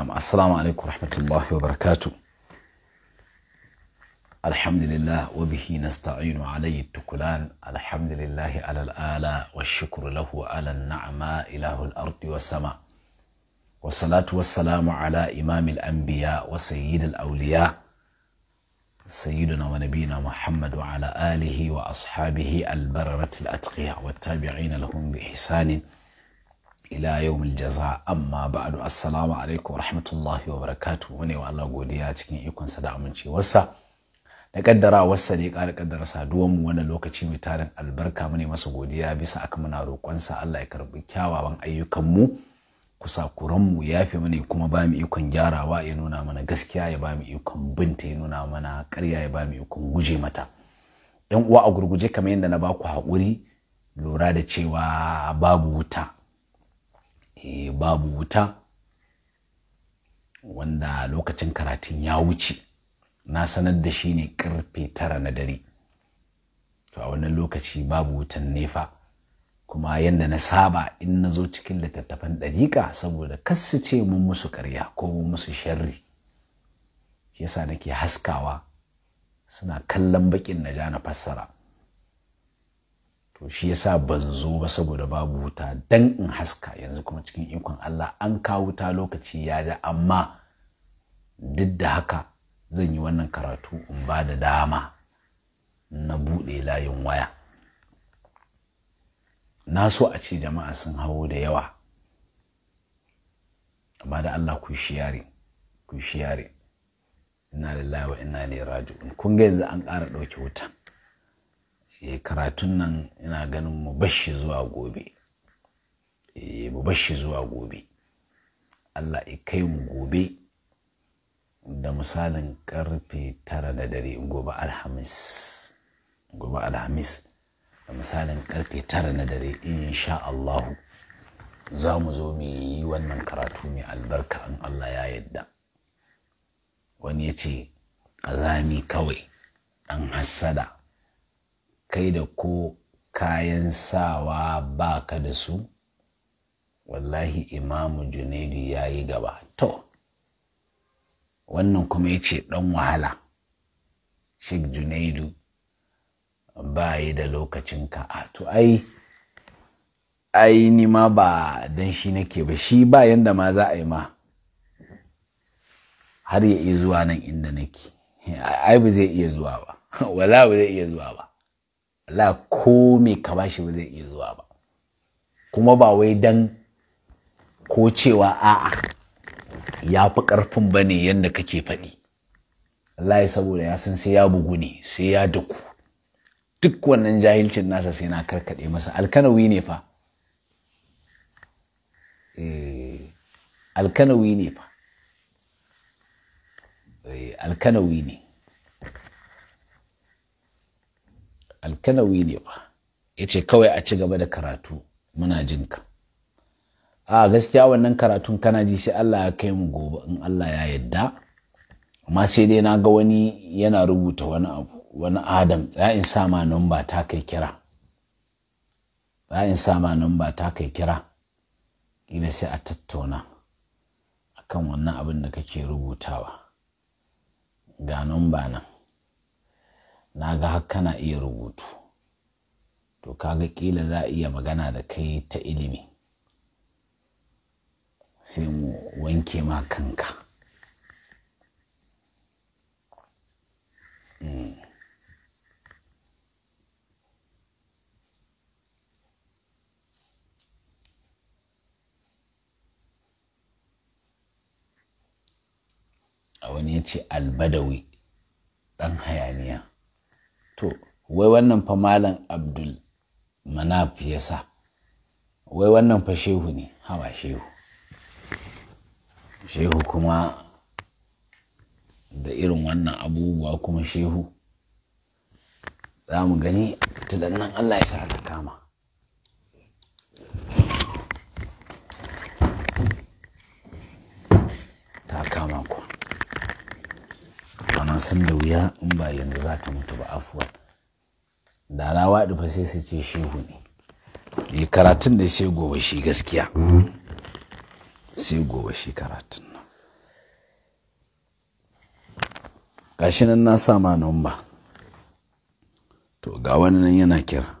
نعم السلام عليكم ورحمة الله وبركاته الحمد لله وبه نستعين عليه التكلان الحمد لله على الآلاء والشكر له على النعماء إله الأرض والسماء والصلاة والسلام على إمام الأنبياء وسيد الأولياء سيدنا ونبينا محمد وعلى آله وأصحابه البررة الأتقياء والتابعين لهم بإحسان ila yau mun jaza amma ba adu assalamu alaikum rahmatullahi wa barakatu wani wa Allah godiya cikin ikonsa da amincewarsa da kaddara wasa ne ƙara kaddara saduwan mu wannan lokaci mai tarin albarka mu ne masa godiya bisa aka muna roƙonsa Allah ya karɓi kyawawan ayyukan mu kusakuran mu yafe mana kuma ba mu ikon gyarawa ya nuna mana gaskiya ya ba mu ikon binta ya nuna mana ƙarya ya ba mu ikon guje mata yan uwa a gurguje kamar yadda na ba ku haƙuri lura da cewa babu wuta e, babu wuta wanda lokacin karatun ya wuce na sanar da shi ne karfe tara na dare to a wannan lokaci babu wutan nefa kuma yadda na saba in na zo cikin littattafan ɗariƙa saboda kasu ce mun musu karya ko mun musu sharri yasa nake haskawa suna kallon baƙin na ja na fassara to shi yasa ban zo ba saboda babu wuta dan in haska yanzu kuma cikin ikon Allah an kawo wuta lokaci ya ja amma duk da haka zan yi wannan karatu in ba da dama na buɗe layin waya na so a ce jama'a sun hawo da yawa amma da Allah ku shiyare ku shiyare inna lillahi wa inna ilaihi raji'un kun ga yanzu an ƙara ɗauke wutan Eh, karatun nan ina ganin mu bashi zuwa gobe eh, mu bashi zuwa gobe allah ya kai mu gobe da misalin karfe tara da dare gobe alhamis gobe alhamis da misalin karfe tara na dare insha allahu za mu zo mu yi wannan karatu mai albarka in allah ya yadda wani ya ce ƙazami kawai ɗan hassada kai da ko kayan sawa ba ka da su wallahi imamu junaidu ya yi gaba to wannan kuma ya ce ɗan wahala shek junaidu ba yi da lokacin ka a to ai ai ni ma ba dan shi nake ba shi ba yanda ma za a yi ma har ya iya zuwa nan inda nake ai ba zai iya zuwa ba wala ba zai iya zuwa ba la ko me ka bashi ba zai iya zuwa ba kuma ba wai dan ko cewa a'a ya fi ƙarfin ba ne yadda kake faɗi Allah saboda ya san sai ya bugu ne sai ya duku duk wannan jahilcin nasa sai na karkaɗe masa alkanawi ne eh, alkanawi ne fa eh, alkanawi ne alkanawi ne ba ya ce kawai a ci gaba da karatu muna jin ka a gaskiya wannan karatun kana ji sai Allah ya kai mu gobe in Allah ya yadda amma sai dai na ga wani yana rubuta wani abu wani adam tsayin in sa ma namba ta kai kira tsayin sama nan ba ta kai kira ina sai a tattauna akan wannan abin da kake rubutawa ga namba nan na ga har kana iya rubutu to kaga kila za a iya magana da kai ta ilimi sai mu wanke ma kanka mm. a wani ya ce albadawi ɗan hayaniya to wai wannan fa malam abdul manaf ya sa wai wannan fa shehu ne hawa shehu shehu kuma da irin wannan abubuwa kuma shehu za mu gani nan allah ya sa ta kama san da wuya in ba yanzu za ta mutu ba afuwa da rawa fa sai su ce shehu ne karatun da sai gobe shi gaskiya sai gobe shi karatun nan gashi nan na sa ma numba to ga wani nan yana kira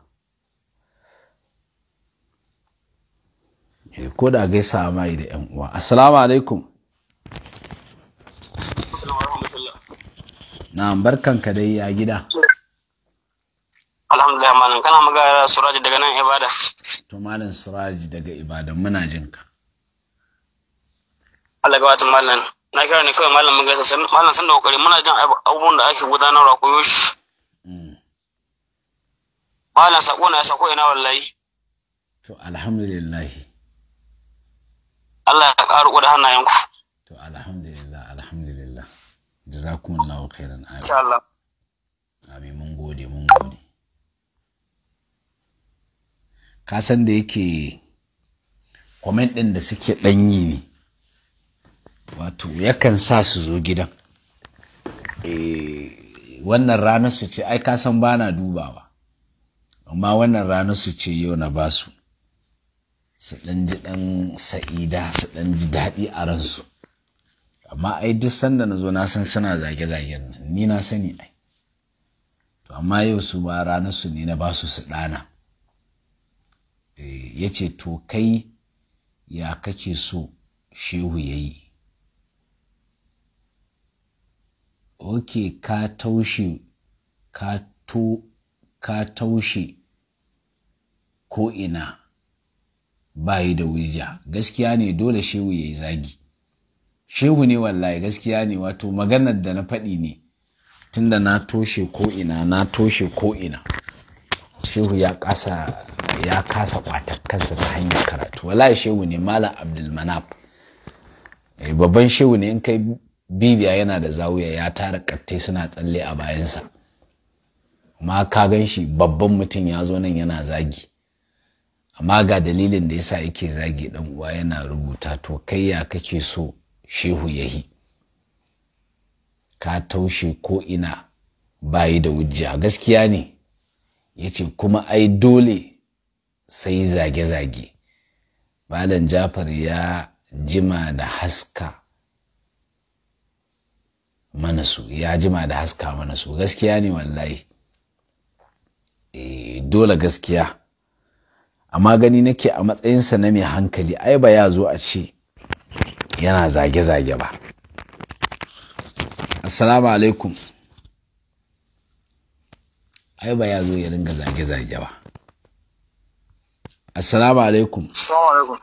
eh, ko da gaisa mai da yan uwa assalamu alaikum na'am barkanka dai a gida alhamdulillah malam kana magana suraji daga nan ibada to malam suraji daga ibada muna jin ka Allah gawatin malam na kira ne kawai malam maga san malam san da kokari muna jin abubuwan da ake gudanarwa koyo shi mm. malam sako na sako ina wallahi to alhamdulillah Allah ya karu da hannayenku to alhamdulillah alhamdulillah jazakumullah kasan ka san da yake comment din da suke ɗanyi ne wato yakan sa su zo gidan eh, wannan ranar su ce ai ka san bana dubawa amma wannan ranar su ce yau na basu su ɗan ji ɗan sa'ida su ɗan ji daɗi a ransu amma ai duk sanda na zo na san suna zage-zagen nan ni na sani ai to amma yau su ba ranar su ne na ba su su ɗana eh, ya ce to kai ya kake so shehu ya yi ok ka taushe ka to ka taushe ko ina bayi da wija gaskiya ne dole shehu ya yi zagi shehu ne wallahi gaskiya ne wato maganar da na faɗi ne tunda na toshe ko'ina na toshe ko'ina shehu ya kasa ya kasa kwatar kansa ta hanyar karatu wallahi shehu ne malam abdulmanaf eh, babban shehu ne in kai bibiya yana da zawiya ya tara kattai suna tsalle a bayansa ma ka gan shi babban mutum ya zo nan yana zagi amma ga dalilin da yasa yake zagi dan uwa yana rubuta to kai ya kake so shehu ya yahi ka taushe ko ina bayi da wujja gaskiya ne ya ce kuma ai dole sai zage-zage malam jafar ya jima da haska mana su ya jima da haska mana gaskiya ne wallahi e, dole gaskiya amma gani nake a matsayinsa na mai hankali ai ba ya zo a ce yana zage-zage ba assalamu alaikum ai ba ya zo ya ringa zage-zage ba assalamu alaikum assalamu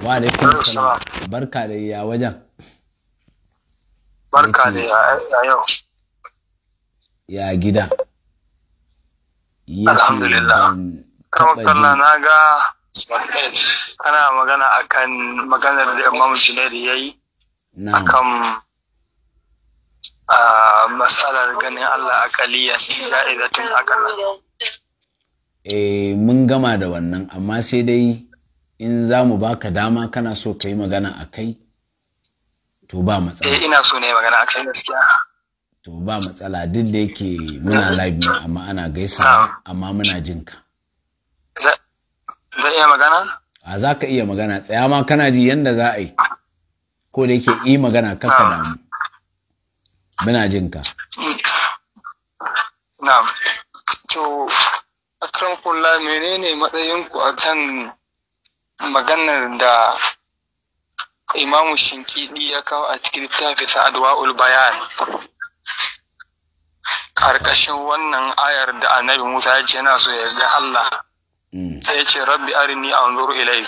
alaikum wa alaikum salam barka da ya wajen barka da ya yau ya gida alhamdulillah kawakalla na ga kana magana akan maganar da Imam Junaid ya yi a ah, matsalar ganin Allah a tun ja'idatun akalla eh mun gama da wannan amma sai dai in za mu baka dama kana so ka yi magana a kai to ba matsala eh ina so ne magana a kai gaskiya to ba matsala duk da yake muna live ne amma ana gaisa, amma muna jinka Zan iya magana? A za ka iya magana, tsaya ma kana ji yadda za a yi. Ko da yake yi magana kaka damu. Muna jin ka. Na, To, kan kula menene matsayinku a kan maganar da imamu shinkidi ya kawo a cikin littafin sa'adwa ulbayan. ƙarƙashin wannan ayar da annabi musa ya ce yana so ya ga allah Mm. sai ya ce rabbi arini anzuru ilai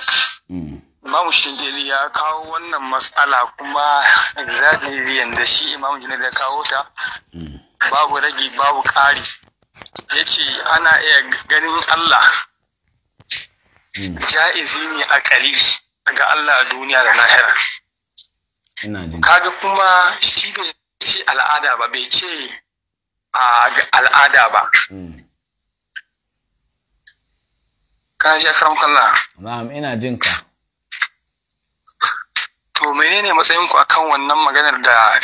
mm. imamu shingeli ya kawo wannan matsala kuma exactly yanda shi imamu jini da kawo ta mm. babu ragi babu ƙari ya ce ana iya ganin allah ja'izi ne a kari ga allah duniya da nahira kaga kuma shi bai ce al'ada ba bai ce a al'ada ba ka ji akram kallah na'am ina jin ka to menene matsayin ku akan wannan maganar da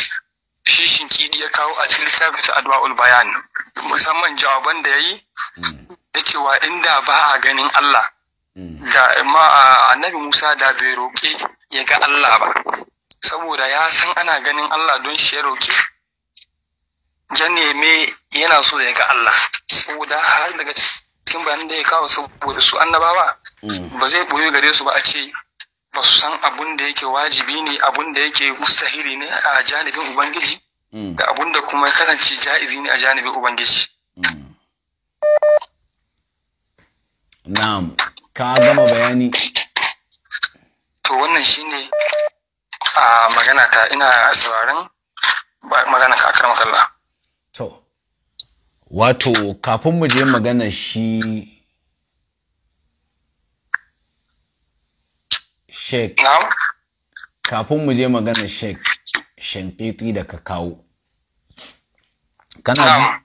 shishin kidi ya kawo a cikin littafin sa adwa'ul bayan musamman jawaban da yayi da mm. cewa inda ba a ganin Allah mm. da ma annabi Musa da bai roƙe ya ga Allah ba saboda ya san ana ganin Allah don shi ya roƙe ya neme yana so ya ga Allah saboda har daga cikin cikin bayan da ya kawo saboda su annabawa mm. ba zai boye gare su ba a ce ba su san abun da yake wajibi ne abun da yake mustahili ne a janibin ubangiji mm. da abun da kuma ya kasance ja'izi ne a janibin ubangiji mm. na'am ka gama bayani to wannan shine a magana ta ina sauraron magana ka akar makalla wato kafin mu je magana shi Sheikh. Kafin mu je magana da ka kawo. Kana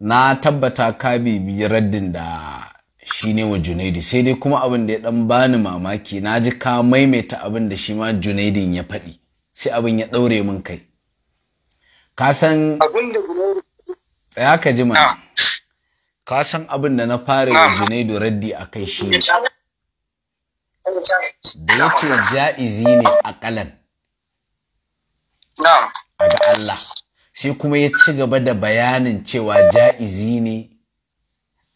Na tabbata ka bibi raddin da shi ne wa Junaidi sai dai kuma abin da ya dan bani mamaki na ji ka maimaita abin da shi ma Junaidin ya faɗi sai abin ya ɗaure min kai. kasan. abin da Tsaya ka ji mana. Ka san abin da na fara yi Junaidu Raddi a kai shi ne. Da ya ce ja'izi ne kalan Ga Allah. Sai kuma ya ci gaba da bayanin cewa ja'izi ne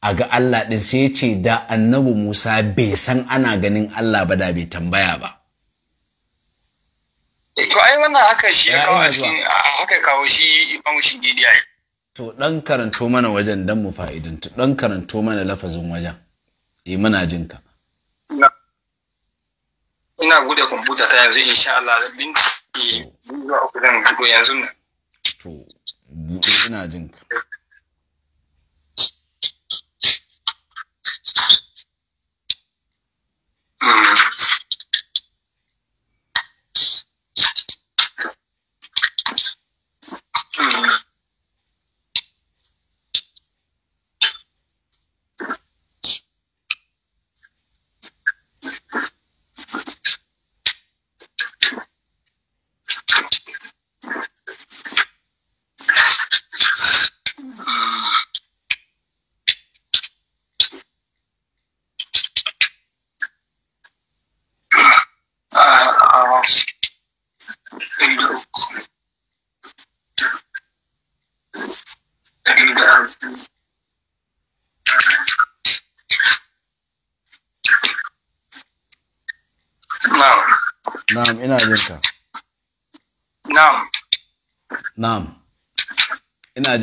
a ga Allah ɗin sai ya ce da annabi Musa bai san ana ganin Allah ba da bai tambaya ba. To wannan haka shi ya kawo a haka kawo shi shi gidiya to ɗan karanto mana wajen don mu fa'idantu ɗan karanto mana lafazin wajen yi eh, muna jinka. ina gude kwamfuta ta yanzu insha Allah bin ke uku a kudin yanzu to ina jinka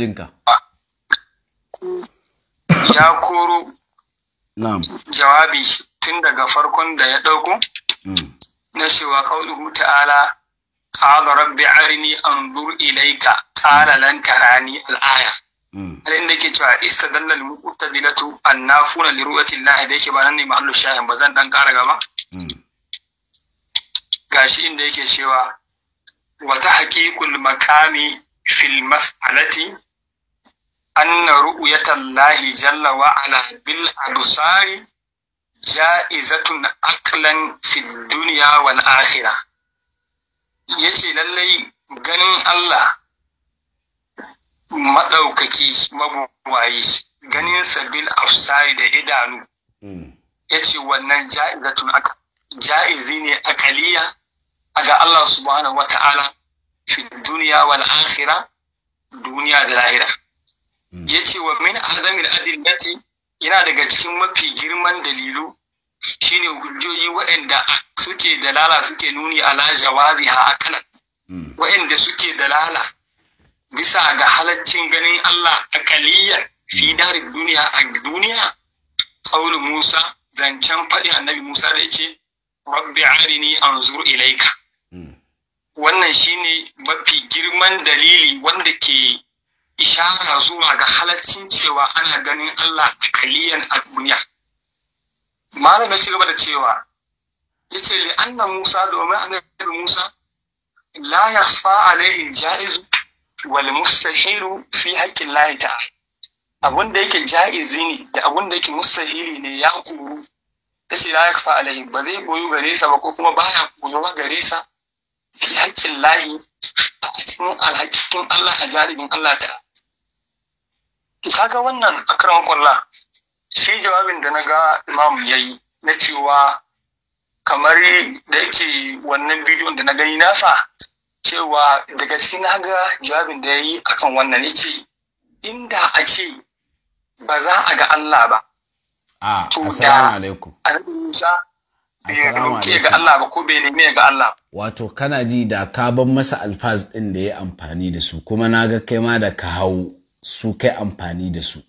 jin ya koro jawabi tun daga farkon da ya ɗauko. Mm. na cewa qauluhu ta'ala qala rabbi arini anzur ilayka qala lan tarani al al'aya. Mm. har inda yake cewa istadalla an na funa liru ru'yati Allah da yake ba nan ne mahallu shahin ba zan dan kara gaba mm. gashi inda yake cewa wata haƙiƙul makami fil mas'alati anna ru'yatan lahi jalla wa ala bil absari ja'izatun aklan fid dunya wal akhirah yace lallai ganin Allah madaukaki Ganinsa ganin sabil afsari da idanu hmm. yace wannan ja'izatun aklan ja'izi ne akaliya aga Allah subhanahu wa ta'ala fi duniya wal akhirah duniya da lahira ya ce wa min azamin adillati yana daga cikin mafi girman dalilu shine hujjoji waɗanda suke dalala suke nuni ala jawazi ha akala hmm. waɗanda suke dalala bisa ga halaccin ganin Allah a kaliyar fi hmm. darin duniya a duniya qaulu Musa zancen faɗi annabi Musa da yace rabbi arini anzur ilaika hmm. wannan shine mafi girman dalili wanda ke ishara zuwa ga halaccin cewa ana ganin Allah a kaliyan a duniya. Malam ya ci gaba da cewa, ya ce li anna Musa domin an annabi Musa, la ya fa alaihi ja'izu wal mustahiru fi haƙƙin layi ta. Abun da yake ja'izi ne da abun da yake mustahiri ne ya kuru. Ya ce la ya fa alaihi ba zai koyu gare sa ba ko kuma ba baya koyuwa gare sa fi haƙƙin layi a cikin alhakin Allah a jaribin Allah ta. kaga wannan a akran kwallon shi jawabin da na ga imam ya yi na cewa kamar da yake wannan bidiyon da na gani nasa cewa daga na ga jawabin da ya yi a kan wannan ya ce inda a ce ba za a ga Allah ba. Ah, to da Musa bai ga Allah ba ko bai neme ga Allah. Wato kana ji da ka ban masa alfaz ɗin da ya amfani da su kuma na ga kai ma da ka hau su kai amfani da su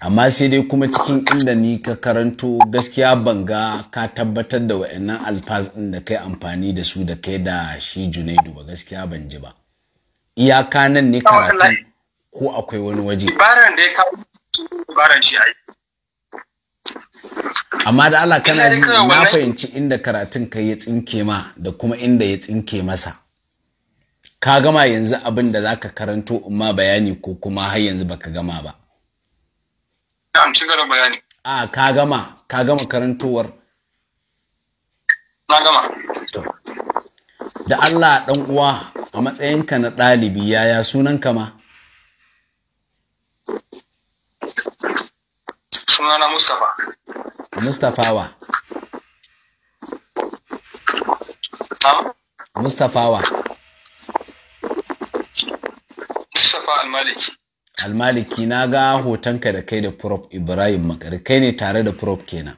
amma sai dai kuma cikin inda ni ka karanto gaskiya ban ga, ka tabbatar da wa'annan alfaz ɗin da kai amfani da su da kai da shi junaidu ba gaskiya ban ji ba iyaka nan ne karatu ko akwai wani waje baran da ya baran shi ai amma da Allah kana ji na fahimci inda karatun kai ya tsinke ma da kuma inda ya tsinke masa ka gama yanzu abin da za ka karanto ma bayani ko kuma har yanzu baka gama ba na ci gaba bayani a ka gama ka gama karantowar na gama da Allah ɗan uwa a matsayinka na ɗalibi yaya sunanka ma sunana Mustapha. Mustapha wa? Mustapha wa? Mustapha Almaliki. Almaliki na ga hotonka da kai da Prof Ibrahim Makar kai ne tare da Prof kenan.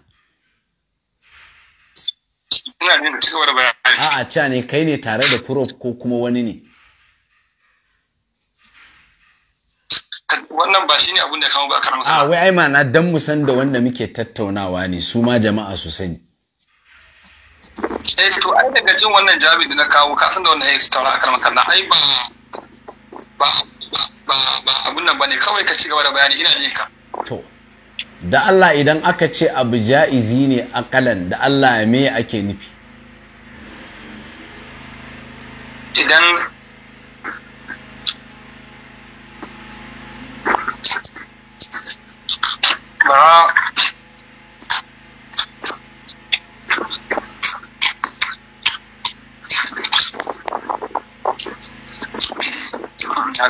Ina jin ci da bayani. A'a ca ne kai ne tare da Prof ko kuma wani ne? Wannan ba shi ne abin da kawo ba karamta. A wai ai na dan mu san da wanda muke tattaunawa ne su ma jama'a su sani. Eh to ai daga jin wannan jami'in da na kawo ka san da wannan ai tattauna karamta na ai ba ba ba abun nan kawai ka ci gaba da bayani ina ka to da Allah idan aka ce abu ja'izi ne akalan da Allah me ake nufi idan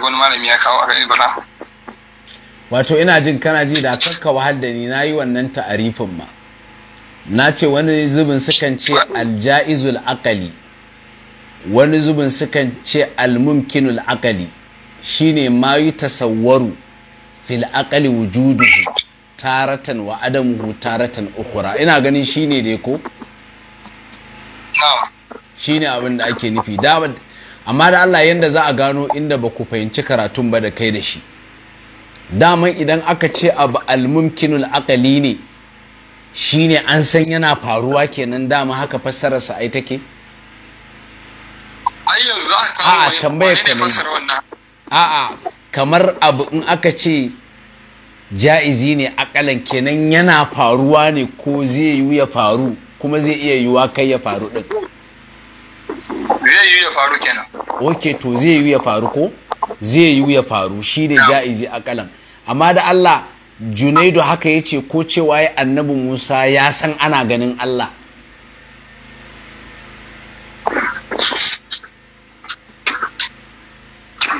wani malami ya kawo akan wato ina jin kana ji da kakka wahal da ni nayi wannan ta'arifin ma na ce wani zubin sukan ce aljaizul aqali wani zubin sukan ce almumkinul aqali shine ma yi tasawwaru fil aqali wujuduhu taratan wa adamu taratan ukhra ina ganin shine dai ko shine abin da ake nufi da amma da Allah yanda za a gano inda ba ku fahimci karatun ba da kai da shi daman idan aka ce abu almumkinul akali ne shine an san yana faruwa kenan dama haka sa ai take a tambayar ka ne a'a kamar abu in aka ce ja'izi ne akalan kenan yana faruwa ne ko zai yiwu ya faru kuma zai iya yiwa kai ya faru din zai yiwu ya faru kenan oke to zai yi ya faru ko zai yi ya faru shi ne ja'izi a kalan amma da Allah junaidu haka ya ce ko cewa ya annabi musa ya san ana ganin Allah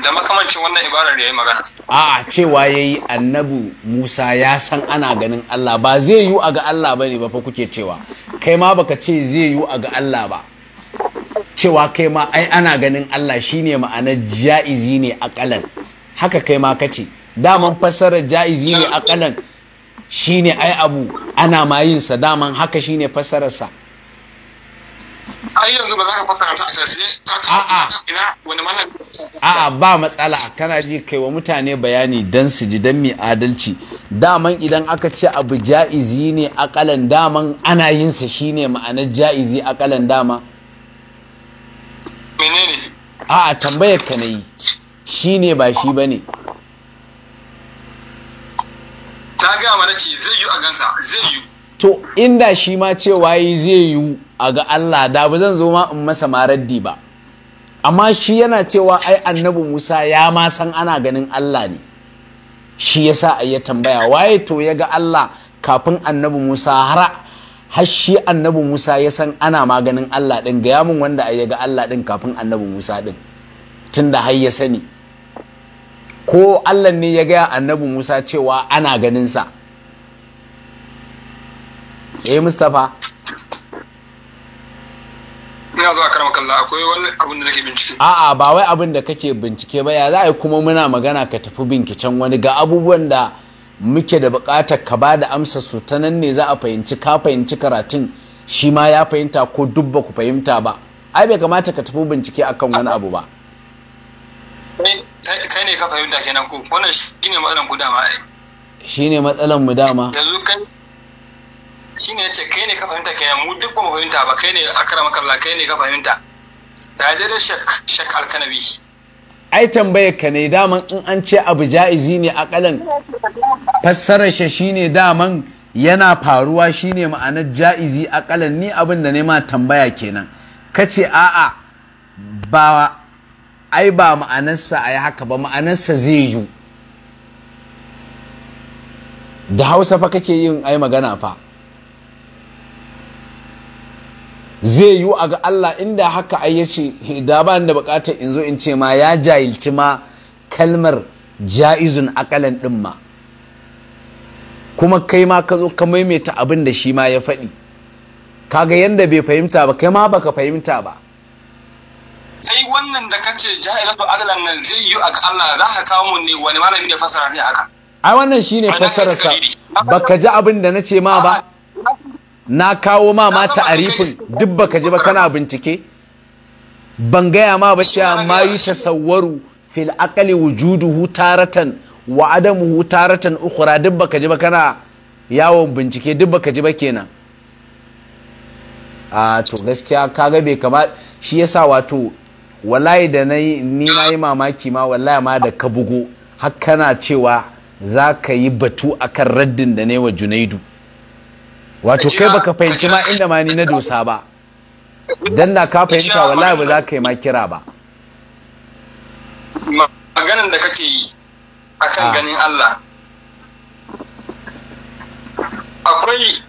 da makamancin wannan ibarar ya yi magana a cewa ya yi annabi musa ya san ana ganin Allah ba zai yi a ga Allah ba ne ba fa kuke cewa kai ma baka ce zai yi a ga Allah ba cewa kai ma ai ana ganin Allah shine ma'anar ja'izi ne akalan haka kai ma kace daman fassarar ja'izi ne akalan shine ai abu ana ma yin sa daman haka shine fassarar sa a'a ba matsala kana ji kai wa mutane bayani dan su ji dan mi adalci daman idan aka ce abu ja'izi ne akalan daman ana yin sa shine ma'anar ja'izi akalan dama menene a tambayar ka na yi shi ne ba shi ba ne ta gaya mana ce zai yi a gansa zai yi to inda shi ma cewa zai yi a ga Allah da ba zan zo ma in masa maraddi ba amma shi yana cewa ai annabi Musa ya ma san ana ganin Allah ne shi yasa ai ya tambaya waye to ya ga Allah kafin annabi Musa hara? har shi annabi Musa ya san ana maganin Allah ɗin gaya min wanda ya ga Allah ɗin kafin annabi Musa ɗin tunda har ya sani ko Allah ne ya gaya annabi Musa cewa ana ganinsa eh Mustapha ina zuwa karama kalla akwai wani abin da nake bincike a'a ba wai abin da kake bincike ba ya za a yi kuma muna magana ka tafi binkicen wani ga abubuwan da muke da buƙatar ka ba da amsa su ta nan ne za a fahimci ka fahimci karatun shi ma ya fahimta ko duk ba ku fahimta ba ai bai kamata ka tafi bincike akan wani abu ba kai ne ka fahimta kenan ko wannan ne matsalan ku dama Shi ne matsalan mu dama yanzu kai shine yace kai ne ka fahimta kenan mu duk ba mu fahimta ba kai ne akrama kallah kai ne ka fahimta da dai shak shak alkanabi ai tambayar ka ne daman in an ce abu ja'izi ne akalan fassarar shi shine daman yana faruwa shine ma'anar ja'izi akalan ni abin da ma tambaya kenan kace a'a ba ai ba ma'anarsa ai haka ba ma'anarsa zai yi da hausa fa kake yin ai magana fa zai yi a ga Allah inda haka ai ya ce da ba da bukatar in zo in ce ma ya jahilci ma kalmar ja'izun akalan ɗin ma kuma kai ma ka zo ka maimaita abin da shi ma ya faɗi kaga yanda bai fahimta ba kai ma baka fahimta ba kai wannan da kace ja'ilatu akalan nan zai yi a Allah za ka kawo mun ne wani malami ne fasara ne haka ai wannan shine fasararsa baka ji abin da nace ma ba na kawo ma ma ta'arifin duk baka ji ba kana bincike ban gaya ma ba cewa ma yi tasawwaru fil aqali wujuduhu taratan wa adamuhu taratan ukhra duk baka ji ba kana yawon bincike duk baka ji ba kenan a to gaskiya kaga bai kama shi yasa wato wallahi da ni na yi mamaki ma wallahi ma da ka bugo har kana cewa za ka yi batu akan raddin da ne wa junaidu wato kai baka fahimci ma inda ma ni na dosa ba dan na ka fahimta wallahi ba za ka yi ma kira ba maganan da kake yi akan ah. ganin Allah akwai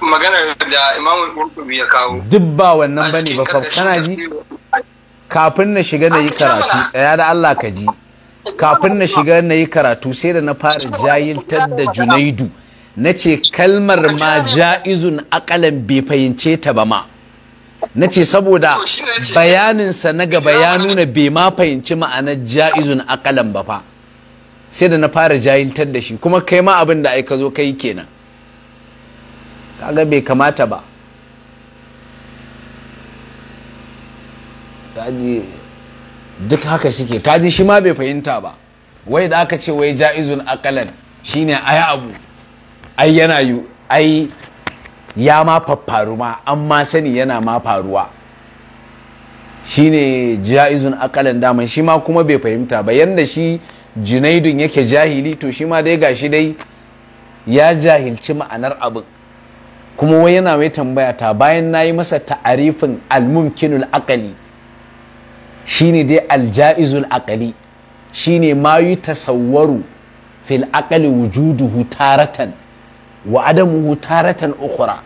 maganar da imamul qurtubi ya kawo duk ba wannan bane ba kana ji kafin na shiga na yi karatu tsaya da Allah ka ji kafin na shiga na yi karatu sai da na fara jayiltar da junaidu na ce kalmar ma ja'izun akalan bai fahimce ta ba ma na ce saboda bayaninsa na gaba ya nuna bai ma fahimci ma'anar ja'izun akalan ba fa sai da na fara jahiltar da shi kuma kai ma abin da ai zo kai kenan kaga bai kamata ba duk haka suke kaji shi ma bai fahimta ba wai da aka ce wai ja'izun akalan shine ai abu ai yana yu ai ya ma faffaru ma an ma sani yana ma faruwa shine ja'izun akalan daman shi ma kuma bai fahimta ba yanda shi junaidun yake jahili to shi ma dai gashi dai ya jahilci ma'anar abin kuma wai yana mai tambaya ta bayan na yi masa ta'arifin almumkinul akali shine dai alja'izul akali shine ma yi tasawwaru fil akali wujuduhu taratan wa adamuhu taratan ukhra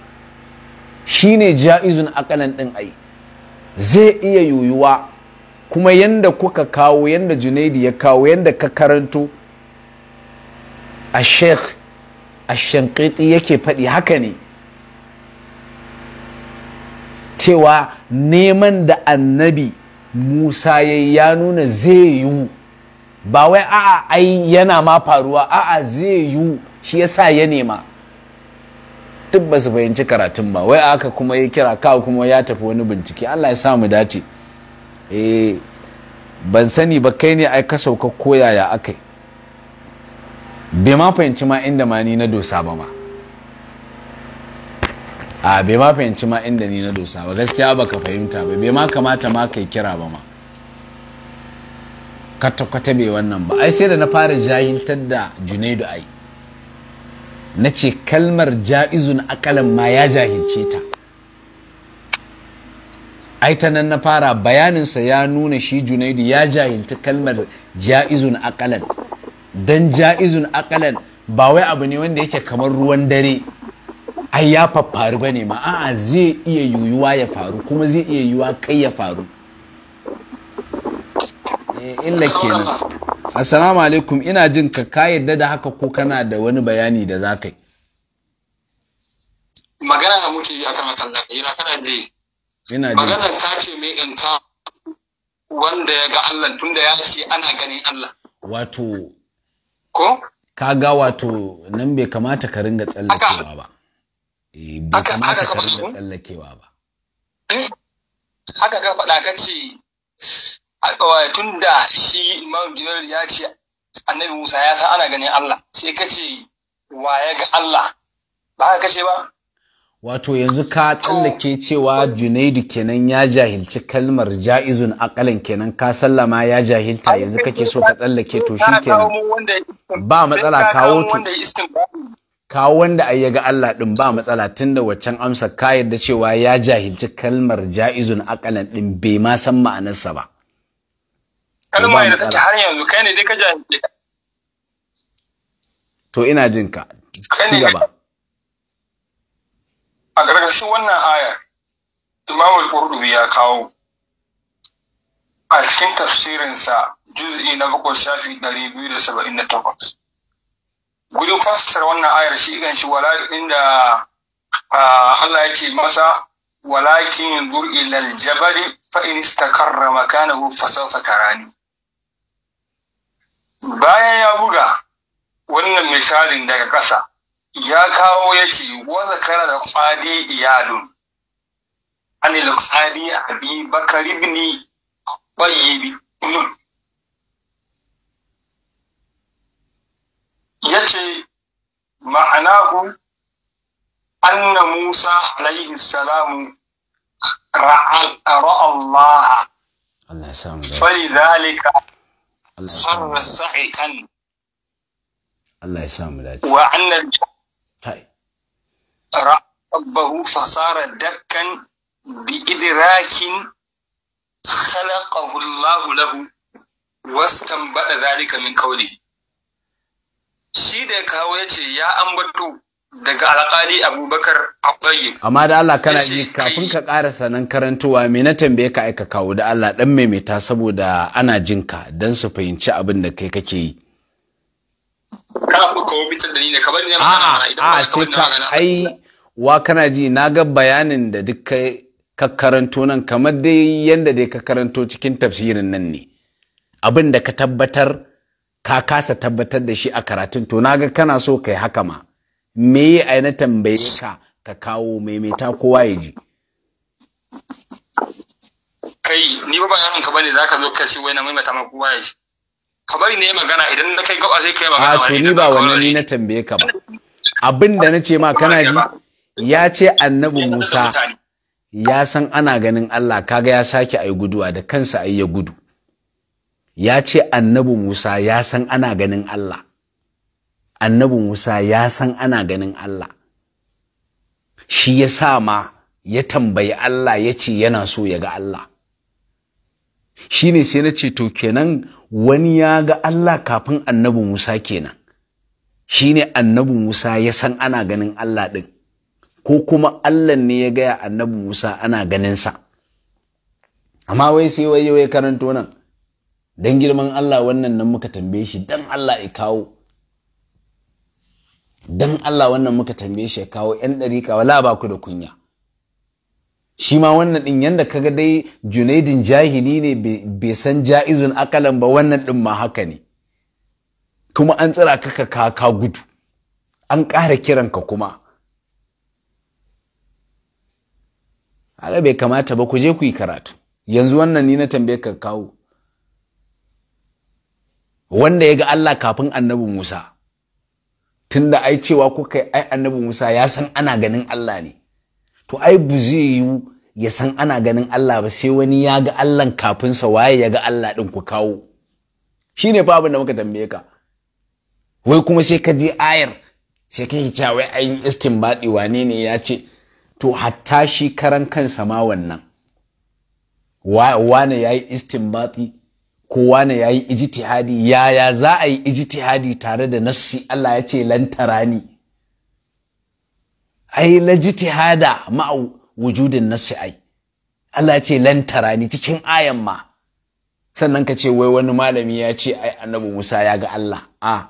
shine jaizun akalan din ai zai iya yoyuwa kuma yanda kuka kawo yanda Junaidi ya kawo yanda ka karanto a Sheikh yake faɗi haka ne cewa neman da annabi Musa ya nuna zai yiwu ba wai a'a ai yana ma faruwa a'a zai yiwu shi yasa ya nema tubba su fahimci karatun ba wai aka kuma ya kira kawo kuma ya tafi wani bincike allah ya samu dace eh ban sani ba kai ne ai ka sauka koyaya aka yi bai ma fahimci ma inda ma ni na dosa ba ma a bai ma fahimci ma inda ni na dosa ba gaskiya ba ka fahimta ba bai ma kamata ma kai kira ba ma kwata-kwata bai wannan ba ai sai da na fara jahiltar da junaidu ai na ce kalmar ja'izun akalan ma ya jahilce ta ai ta nan na fara bayaninsa ya nuna shi junaidu ya jahilci kalmar ja'izun akalan Don ja'izun akalan ba wai abu ne wanda yake kamar ruwan dare ai ya faffaru ba ne ma a'a zai iya yiwuwa ya faru kuma zai iya yiwuwa kai ya faru eh, illa kenan assalamu alaikum ina jin ka ka yadda da haka ko kana da wani bayani da za ka yi magana da muke yi a kan Allah ina kana ji ina ji magana ta ce mai ta. wanda ya ga Allah tunda ya ce ana ganin Allah wato ko ka ga wato nan bai kamata ka ringa tsallakewa ba eh, bai kamata ka ringa tsallakewa ba eh, haka ga faɗa kan ce tun da shi imam jirar ya ce annabi musa ya san ana ganin allah sai ka ce wa ya ga allah ba ka kace ba wato yanzu ka tsallake cewa junaidu kenan ya jahilci kalmar ja'izun akalan kenan ka sallama ya jahilta yanzu kake so ka tsallake to shi kenan ba matsala kawo to kawo wanda ai ya ga Allah din ba matsala tunda waccan amsa ka yarda cewa ya jahilci kalmar ja'izun akalan din bai ma san ma'anarsa ba kalma da kake har yanzu kai ne dai ka jahilce to ina jin ka ci gaba a ƙarƙashin wannan ayar imamul qurtubi ya kawo a cikin tafsirinsa juz'i na bakwai shafi ɗari biyu da saba'in da takwas gudun fassar wannan ayar shi igan shi wala inda Allah ya ce masa walakin yanzur ila aljabali fa in istakarra makanahu fa sawfa tarani bayan ya buga wannan misalin daga ƙasa ya kawo ya ce wanda kara da tsadi iyalun anil tsadi abi bakar ibn tayyib ya ce ma'anahu anna musa alaihi salamu ra'a Allah fa lidhalika sarra sa'itan Allah ya samu dace wa annal rabbahu fasara dakkan bi idrakin khalaqahu Allah lahu wastanbada zalika min qawli shi da kawo yace ya ambato daga alƙali abubakar abdayyin amma da Allah kana ji kafin ka ƙara sanan karantowa me na tambaye ka aika kawo da Allah dan maimaita saboda ana jinka don su fahimci abin da kai kake yi kana so kawo bitan da ni ne kamar ne magana idan ka magana ai wa kana ji na ga bayanin da duk ka karanto nan kamar dai yanda dai ka karanto cikin tafsirin nan ne abin da ka tabbatar ka kasa tabbatar da shi a karatun to ga kana so kai haka ma me ai na tambaye ka ka kawo maimaita kowa ya ji kai ni ba bayan ka bane zaka zo ka ce wai na maimaita ma kowa ya ji ka bari ne magana idan na kai gaba sai kai magana a to ni ba wannan ni na tambaye ka ba abin da na ce ma kana ji ya ce annabi Musa ya san ana ganin Allah kaga ya sake ayi guduwa da kansa ayi ya gudu ya ce annabi Musa ya san ana ganin Allah annabi Musa ya san ana ganin Allah shi ya sa ma ya tambayi Allah ya ce yana so ya ga Allah shi ne sai na ce to kenan wani ya ga Allah kafin annabi Musa kenan shi ne annabi Musa ya san ana ganin Allah ɗin ko kuma Allah ne ya gaya annabi Musa ana ganinsa amma wai sai wai wai karanto nan don girman Allah wannan nan muka tambaye shi don Allah ya kawo Don Allah wannan muka tambaye shi kawo yan dariƙa wala ba ku da kunya shi ma wannan din yanda kaga dai Junaidin jahili ne bai san jaizun akalan ba wannan din ma haka ne kuma an tsira kaka ka ka gudu an ƙara ka kuma haka bai kamata ba ku je ku yi karatu yanzu wannan ni na tambaye ka kawo wanda ya ga Allah kafin annabi Musa tunda ai cewa kuka ai annabi Musa ya san ana ganin Allah ne to ai bu zai yiwu ya san ana ganin Allah ba sai wani ya ga allah kafin sa waye ya ga Allah din ku kawo shine fa abin da muka tambaye ka wai kuma sai ka je ayar sai kai cewa wai ai istinbadi wane ne ya ce to hatta shi karan kansa ma wannan wane ya yi istinbati kowa ne ya yi ijtihadi yaya za a yi ijtihadi tare da nassi Allah ya ce lantara lantarani ai lajtihada ma'a wujudin nassi ai Allah ya ce lantara ni cikin ayan ma sannan ka ce wai wani malami ya ce ai annabi Musa ya ga Allah a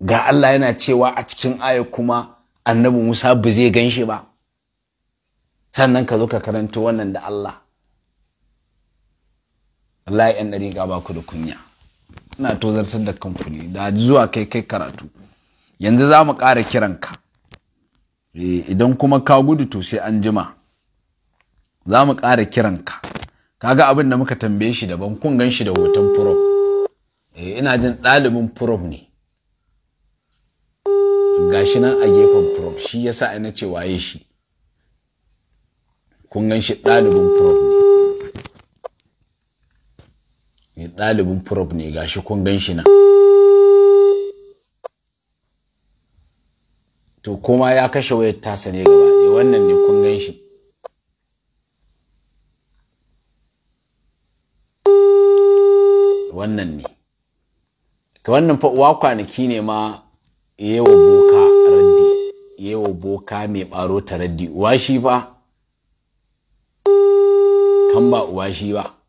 ga Allah yana cewa a cikin aya kuma annabi Musa ba zai gan ba sannan ka zo ka karanta wannan da Allah wallahi yan ɗari ga baku da kunya ina tozartar da kamfani da zuwa kai kai karatu yanzu za mu ƙara kiranka eh, idan kuma ka gudu to sai an jima za mu ƙara kiranka ga abin da muka tambaye shi daban kun gan shi da hoton furof eh, ina jin ɗalibin furof ne gashi nan a gefen furof shi yasa ina ce waye shi kun gan shi ɗalibin furof ne Eh, ɗalibin prof ne ga shi kun gan shi na. to kuma ya kashe wayar tasa ne gaba ne wannan ne kun gan shi wannan ne ka wannan uwa kwanaki ne ma yawa boka raddi yawa boka mai ɓaro ta raddi uwa shi ba kan ba uwa shi ba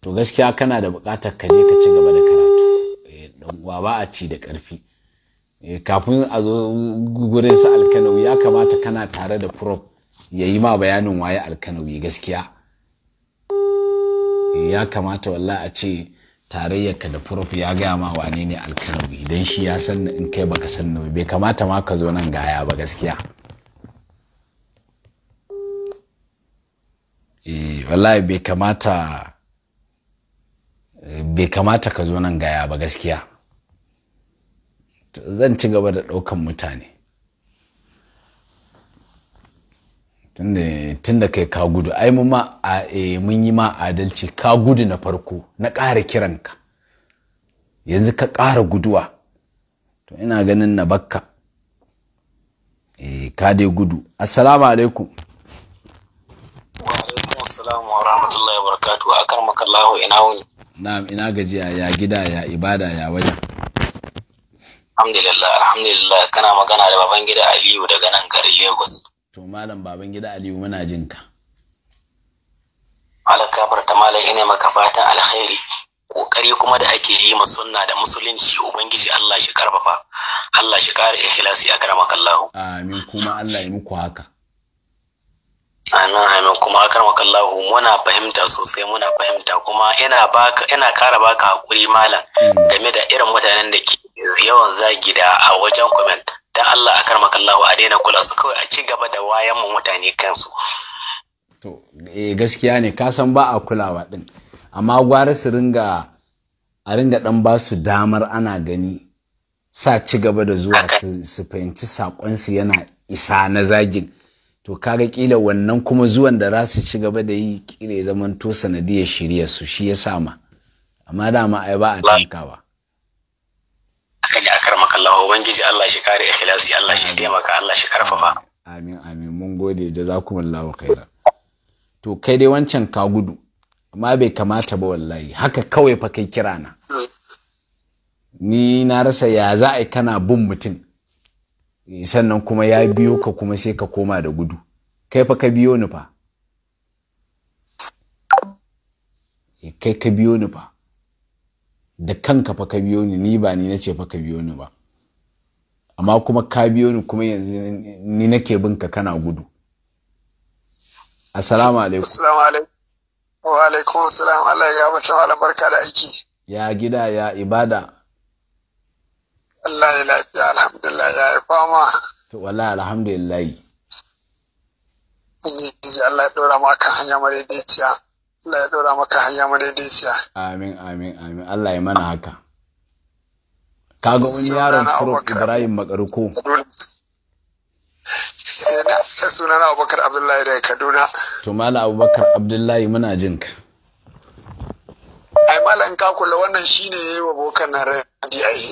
to gaskiya kana da buƙatar ka je ka ci gaba da karatu eh, dan uwa ba a ci da ƙarfi eh, kafin a zo gurin su alkanawi ya kamata kana tare da prof ya yi ma bayanin waye alkanawi gaskiya eh, ya kamata walla a ce tarayyarka da prof ya gaya ma wane ne alkanawi don shi ya san in kai baka san nawa bai kamata ma ka zo nan gaya ba gaskiya wallahi bai kamata bai kamata ka zo nan gaya ba gaskiya zan ci gaba da ɗaukan mutane tunda kai ka gudu ai e, mun yi ma adalci ka gudu na farko na ƙara kiranka yanzu ka ƙara guduwa to ina ganin na bakka e, ka dai gudu assalamu alaikum wa alaikum assalamu wa rahmatullahi wa barakatuh akar makallahu ina wuni na'am ina gajiya ya gida ya ibada ya wajen alhamdulillah alhamdulillah kana magana da baban gida aliyu daga nan gari lagos to malam baban gida aliyu muna jin ka alaka kafar ta malam ina maka fatan alkhairi kokari kuma da ake yi sunna da musulunci ubangiji Allah shi karfafa Allah shi kare ikhlasi a karamakallahu amin kuma Allah ya muku haka amin amin kuma akan wakallahu muna fahimta sosai muna fahimta kuma ina baka ina kara baka hakuri malam mm. game da irin mutanen da ke yawan zagi da a wajen comment dan Allah akan makallahu a daina kula su kawai a ci gaba da wayan mu mutane kansu to eh, gaskiya ne ka san ba a kulawa din amma gwara su ringa a ringa dan ba su damar ana gani sa ci gaba da zuwa su fahimci saƙonsu yana isa na zagin to kaga kila wannan kuma zuwan da za su ci gaba da yi kila ya zaman to sanadiyar shirya su shi ya sama amma dama ai ba a tankawa aka ji akar makallawa ubangiji Allah shi kare ikhlasi Allah shi taimaka Allah shi karfafa amin amin mun gode da jazakumullahu khairan to kai dai wancan ka gudu amma bai kamata ba wallahi haka kawai fa kai kirana mm. ni na rasa ya za a kana bin mutum sannan kuma ya mm-hmm. biyo ka kuma sai ka koma da gudu kai fa ka biyo ni fa eh, kai ka biyo ni fa da kanka fa ka biyo ni ni ba ni na ce fa ka biyo ni ba amma kuma ka biyo ni kuma yanzu ni nake bin ka kana gudu assalamu alaikum assalamu alaikum wa alaikum assalam Allah ya gabata malam barka da aiki ya gida ya ibada ya lafiya alhamdulillah ya yi fama to wallahi alhamdulillah ubangiji Allah ya dora maka hanya madaidaiciya Allah ya dora maka hanya madaidaiciya amin amin amin Allah ya mana haka Ka ga wani yaron Prof Ibrahim Makarko eh, sunana Abubakar Abdullahi daga Kaduna to mala Abubakar Abdullahi muna jin ka ai malam kakula wannan shine yayi wa bokan nan radi ai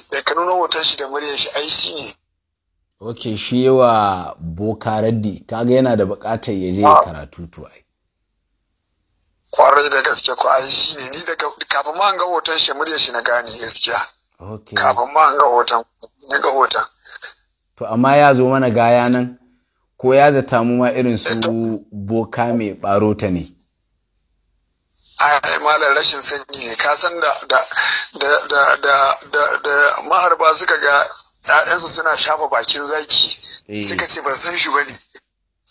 hoton shi da muryar shi ai shi ne ok shi wa boka raddi kaga yana da bukatar ya je ya ah. karatu to ai kwarai da gaske ko ai shi ne ni daga kafin ma ga hoton shi muryar shi na gane gaskiya ok kafin ma ga hoton na ga hoton to amma ya zo mana gaya nan ko ya zata mu ma irin su eh, boka mai barota ne ai malar rashin sani ne ka san da da da da maharba suka ga 'ya'yansu suna shafa bakin zaki eh. suka ce ban san shi ba ne.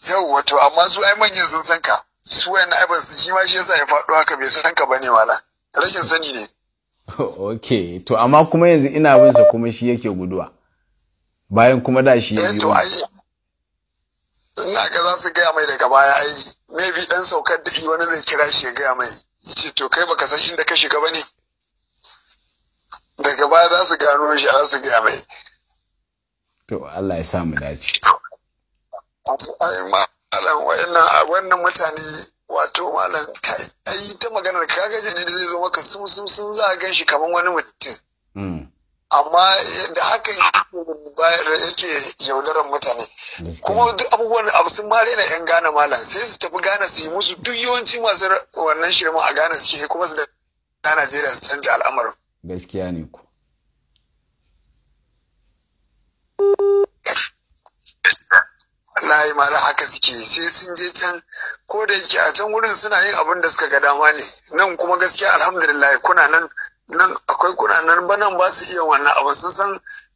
yau wato amma su ai manyan sun san ka su wayannan ai ban shi ma shi yasa ya faɗo haka bai san ka ba ne mala rashin sani ne ok to amma kuma yanzu ina bin sa kuma shi yake guduwa bayan kuma da shi ya eh, biyo ina ga za su gaya mai daga baya ai maybe dan saukar da wani zai kira shi ya gaya mai ce to kai baka san inda ka shiga bane daga baya za su gano shi a su gaya mai to Allah ya sa mu dace ai malam wayannan wannan mutane wato malam kai ai ta maganar kaga jini zai zo maka sun sun sun za ka gan shi kamar wani mutum hmm. amma da haka yake yaudarar mutane kuma duk abubuwan abu sun ma na yan gane malam sai su tafi gane su yi musu duk yawanci masu wannan shirma a gane suke kuma su da najeriya su canja al'amarin gaskiya ne ku wallahi ma haka suke sai sun je can ko da yake a can wurin suna yin abin da suka ga dama ne nan kuma gaskiya alhamdulillah kuna nan nan akwai kunanan banan ba su iya wannan abu. sun san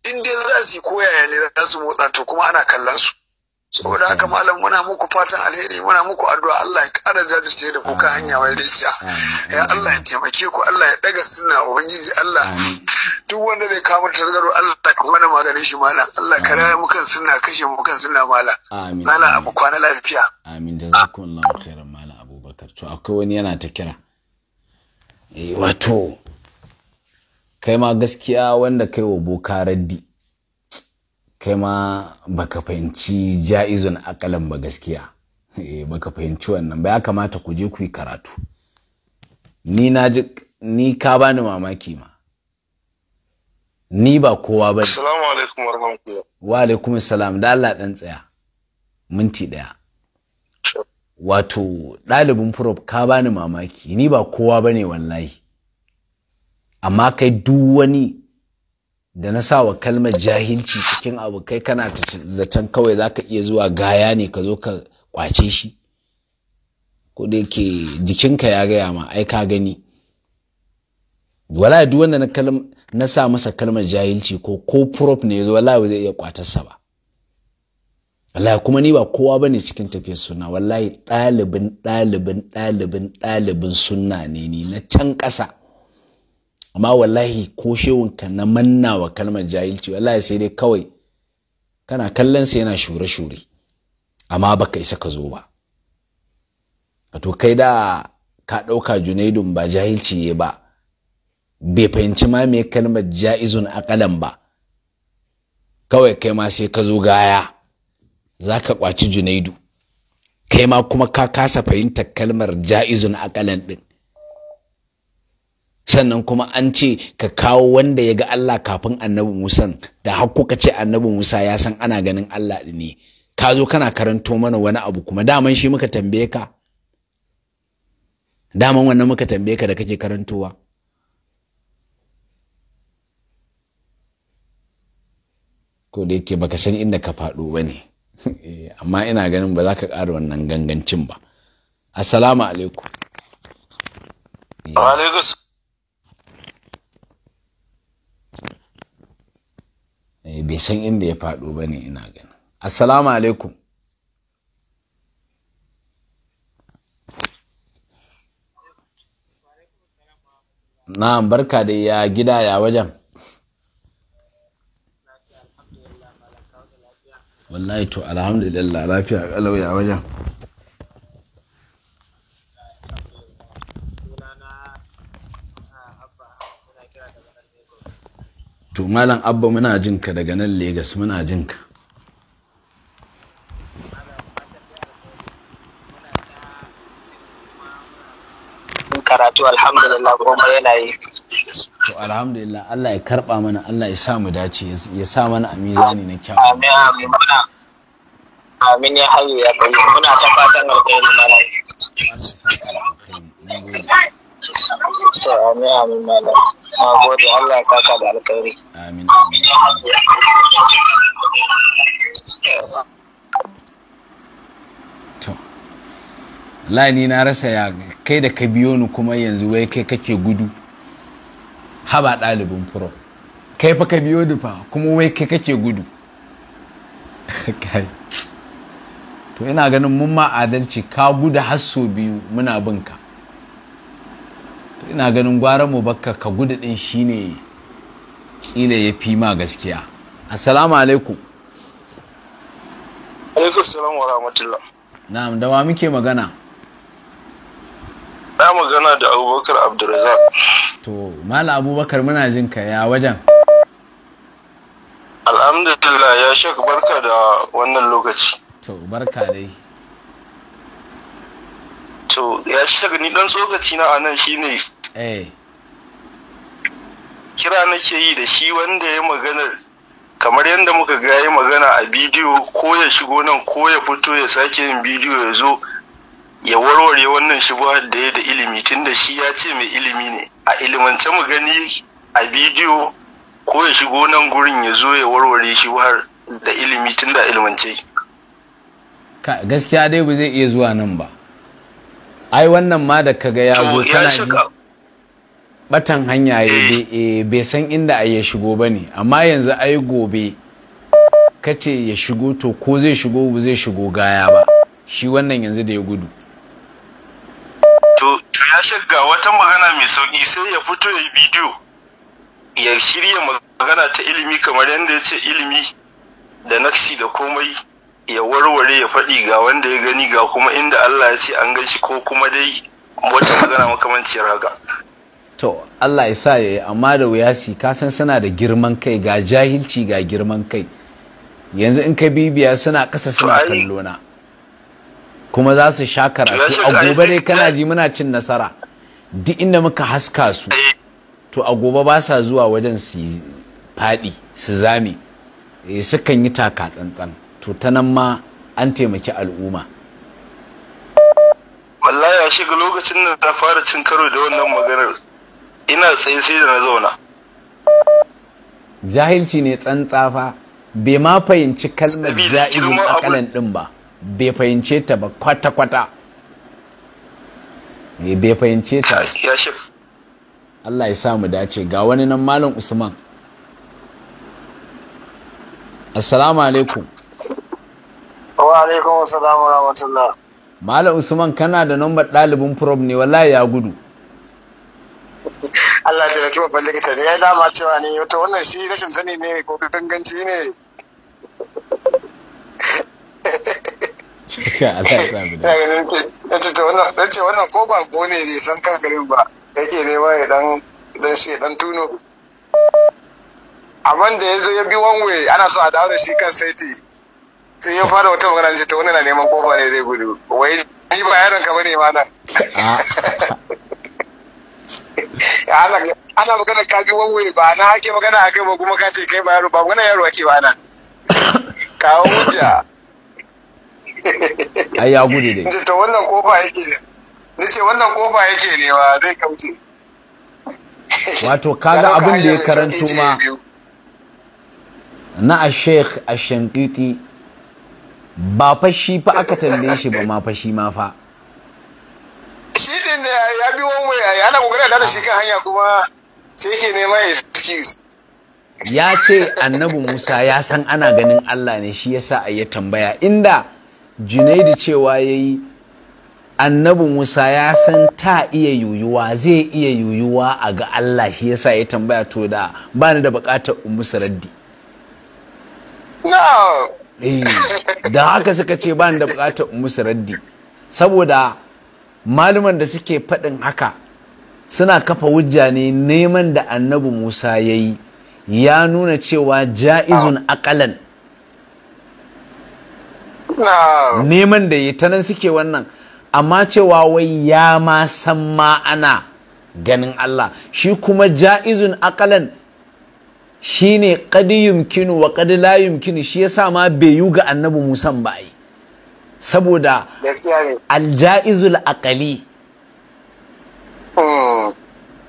in dai za su yi koyaya ne za su motsa to kuma ana kallon su saboda haka mm-hmm. malam muna muku fatan alheri muna muku addu'a Allah ya ƙara jajirce da kuka hanya mai daiciya ya Allah ya taimake ku Allah ya daga suna ubangiji Allah duk wanda zai kama zaro. Allah kuma na maganin shi malam Allah kare raya mu kan suna kashe mu kan suna malam malam abu kwana lafiya amin da zakum Allah khairan malam Abubakar to akwai wani yana ta kira eh wato kai ma gaskiya wanda kai wa boka raddi kai ma baka fahimci ja'izun akalan ba gaskiya eh, baka fahimci wannan ba ya kamata ku je ku yi karatu ni na ji ni ka bani mamaki ma ni ba kowa ba assalamu alaikum warahmatullahi wa alaikum assalam da Allah dan tsaya minti daya wato ɗalibin prof ka bani mamaki ni ba kowa bane wallahi amma kai duk wani da na sa wa kalmar jahilci cikin abu kai kana zaton kawai za ka iya zuwa gaya ne ka zo ka kwace shi ko da yake jikinka ya gaya ma ai ka gani wala duk wanda na, sa masa kalmar jahilci ko ko prop ne yazo wala zai iya kwatarsa ba wallahi kuma ni ba kowa bane cikin tafiyar suna wallahi ɗalibin ɗalibin ɗalibin ɗalibin sunna ne ni na can ƙasa amma wallahi ko ka na manna wa kalmar jahilci wallahi sai dai kawai kana kallon sa yana shure-shure amma baka isa ka zo ba to kai da ka ɗauka junaidun ba jahilci ya ba bai fahimci ma me kalmar ja'izun akalan ba kawai kai ma sai ka zo gaya za ka ƙwaci junaidu kai ma kuma ka kasa fahimtar kalmar ja'izun akalan ɗin sannan kuma an ce ka kawo wanda ya ga Allah kafin annabi Musa da har kuka ce annabi Musa ya san ana ganin Allah ne ka zo kana karanto mana wani abu kuma daman shi muka tambaye ka daman wannan muka tambaye ka da kake karantowa ko da yake baka san inda ka faɗo ba ne eh, amma ina ganin ba za ka ƙara wannan gangancin ba assalamu alaikum Eh, bai san inda ya faɗo ba ne ina gani assalamu alaikum na barka da ya gida ya wajen wallahi to alhamdulillah lafiya kalau ya wajen to malam abba muna jinka daga nan Legas muna jinka karatu alhamdulillah goma yana yi to alhamdulillah Allah ya karba mana Allah ya sa mu dace ya sa mana a na kyau amin amin amin ya hayu ya kai muna ta fatan alkhairi malai Allah ya sa ka alkhairi nagode to amin amin malai na gode Allah ya saka da alkhairi amin lani na rasa ya kai da ka biyo ni kuma yanzu wai kai kake gudu haba ɗalibin furo kai fa ka biyo ni fa kuma wai kai kake gudu to ina ganin mun ma adalci ka gudu har biyu muna binka ka ina ganin gwara mu bakka ka gudu din shine kila ya fi ma gaskiya assalamu alaikum alaikum salam wa rahmatullah na'am da wa muke magana na magana da abubakar abdulrazak to mala abubakar muna jin ka ya wajen alhamdulillah ya shek barka da wannan lokaci to barka dai to ya shi ni dan tsokaci na anan shine eh kira nake yi da shi wanda ya magana kamar yadda muka ga magana a bidiyo ko ya shigo nan ko ya fito ya sake yin bidiyo ya zo ya warware wannan shi da ya da ilimi tun da shi ya ce mai ilimi ne a ilimance mu gani a bidiyo ko ya shigo nan gurin ya zo ya warware shi da ilimi tun da ilimance gaskiya dai ba zai iya zuwa nan ba ai wannan ma da kaga ya zo oh, kana ji batan hanya ya eh. Eh, bai san inda ai ya shigo ba ne amma yanzu ai gobe kace ya shigo to ko zai shigo ba zai shigo gaya ba shi wannan yanzu da ya gudu to to ya shiga wata magana mai sauki sai ya fito ya yi bidiyo ya shirya magana ta ilimi kamar yadda ya ce ilimi da nakshi da komai ya warware ya faɗi ga wanda ya gani ga kuma inda Allah ya ce an gan ko kuma dai wata magana makamanciyar haka to Allah ya sa ya yi amma da wuya si ka san suna da girman kai ga jahilci ga girman kai yanzu in ka bibiya suna kasa suna kallo kuma za su sha karatu a gobe dai kana ji muna cin nasara duk inda muka haska su eh. to a gobe ba sa zuwa wajen su faɗi su zame eh, sukan yi taka tsantsan to ta nan ma an taimaki al'umma wallahi a shiga lokacin da na fara cin karo da wannan maganar ina tsaye sai da na zauna jahilci ne tsantsafa bai ma fahimci kalmar a akalan din ba bai fahimce ta ba kwata-kwata eh, bai fahimce ta Allah ya sa mu dace ga wani nan malam Usman assalamu alaikum wa salamu assalamu rahmatullah Malam Usman kana da nambar ɗalibin prob ne wallahi ya gudu Allah da rake babban likita ne ya yi dama cewa ne wato wannan shi rashin sani ne ko ganganci ne Ka Allah ya samu da. Ya ce wannan ko ba ko ne ne san kan garin ba yake nema ya dan dan shi dan tuno. Abin da ya zo ya bi one way ana so a dawo da shi kan saiti. sai yi fara wata magana ce ta wani na neman kofa ne zai gudu wai ni ba yaron ka bane ma ah. nan ana magana ka bi wawai ba na hake magana a kai ba kuma ka ce kai ba yaro ba magana yaro ake ba na kawo hujja ai ya gudu dai ta wannan kofa yake ce wannan kofa yake ne ba zai kauce wato kaga abin da ya karanto ma na a sheikh a shankiti ba fashi fa aka tambaye shi ba ma fashi ma fa shi din da ya bi wani waya ana kokari da shi kan hanya kuma sai yake neman excuse ya ce annabi Musa ya san ana ganin Allah ne shi yasa a ya tambaya inda Junaidu cewa yayi annabi Musa ya san ta iya yuyuwa zai iya yuyuwa a ga Allah shi yasa ya tambaya to da bani ni da bukatar ummu raddi no Eh, da haka suka ce ba da bukatar musu raddi saboda maluman da suke faɗin haka suna kafa hujja ne neman da annabi musa ya yi ya nuna cewa ja'izun akalan ah. neman da ya ta nan suke wannan amma cewa wai ya ma san ma ana ganin Allah shi kuma ja'izun akalan shine ƙadi yumkinu wa qad la yumkinu shi yasa ma bai yu ga annabi musan ba ai saboda aljaizul aqali hmm.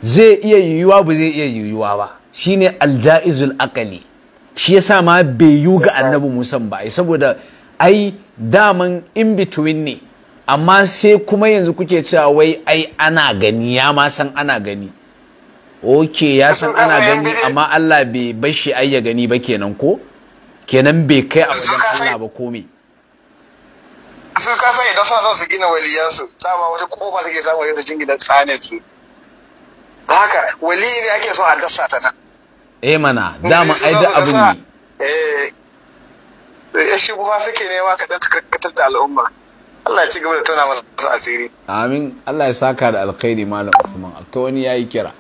zai iya yiwuwa ba zai iya yiwuwa ba ne aljaizul akali shi yasa ma bai yu ga annabi musan ba saboda ai daman in between ne amma sai kuma yanzu kuke cewa wai ai ana gani ya ma san ana gani ok ya san ana gani amma Allah bai bashi ai gani ba kenan ko kenan bai kai a wajen Allah ba ko me su ka sai da sa su gina waliyansu dama wata kofa take samu yadda gidan tsane su haka wali ne ake so a dasa ta nan eh mana dama ai da abin ne eh ya eh, shi kuma suke nema ka dan karkatar da al'umma Allah ya ci gaba da tona masa asiri amin Allah ya saka da alkhairi malam Usman akwai wani yayi kira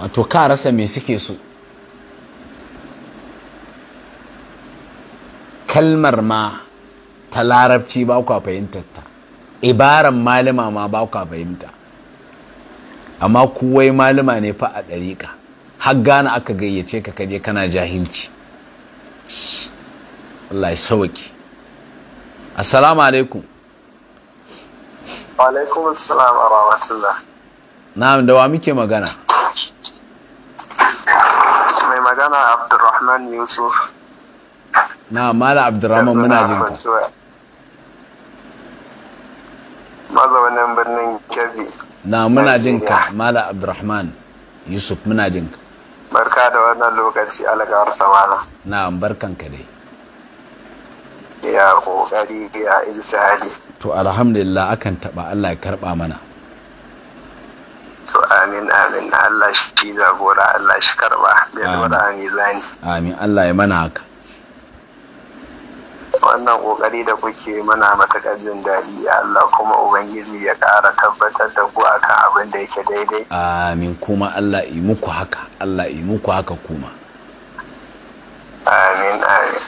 wato ka rasa me suke so kalmar ma ta larabci ba kwa fahimtar ta ibaran malama ma ba kwa fahimta amma kuwai malama ne fa a ɗariƙa har gane aka gayyace ka kaje kana jahilci Allah ya sauki assalamu alaikum alaikum assalam wa rahmatullah na'am da wa muke magana mai magana abdurrahman yusuf na mala abdurrahman muna jin ka mazaunin birnin kebbi na muna jin ka mala abdurrahman yusuf muna jin ka barka da wannan lokaci algawar samana na barkan ka dai ya kokari ya Hali. to alhamdulillah akan taba Allah ya karba mana to amin amin Allah shi jagora Allah shi karba ya dora mizani amin Allah ya mana haka wannan kokari da kuke mana matakar jin daɗi Allah kuma ubangiji ya ƙara tabbatar da ku akan abin da yake daidai amin kuma Allah yi muku haka Allah yi muku haka kuma amin amin